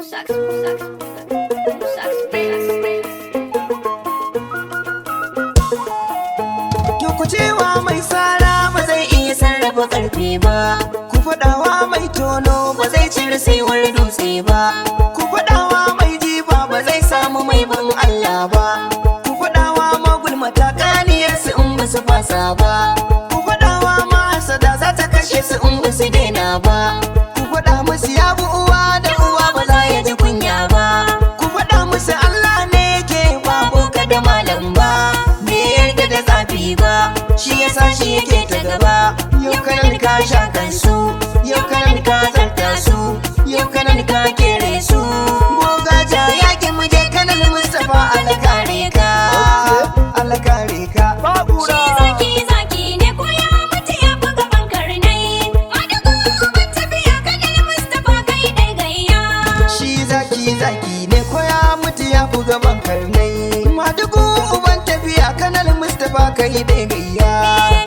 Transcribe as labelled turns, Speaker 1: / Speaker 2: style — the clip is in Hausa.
Speaker 1: Sucks, sucks, sucks, mai sara ba zai iya sarrafa ƙarfe ba, ku faɗawa mai tono ba zai cire saiwar dutse ba, ku faɗawa mai jifa ba zai samu mai ban Allah ba, ku faɗawa magulmata ƙaniyarsu in ba su fasa ba, ku faɗawa ma hasada za ta kashe su in ba su daina ba, ku faɗa masu ya bu'u
Speaker 2: da malam ba bai yarda da zafi ba shi yasa shi yake ta gaba yau kanan ka sha kansu yau kanan ka zarta su yau kanan ka ke
Speaker 3: zaki zaki ne koya mutu ya fi gaban karnai madugu uban tafiya kanal mustapha kai dai gayya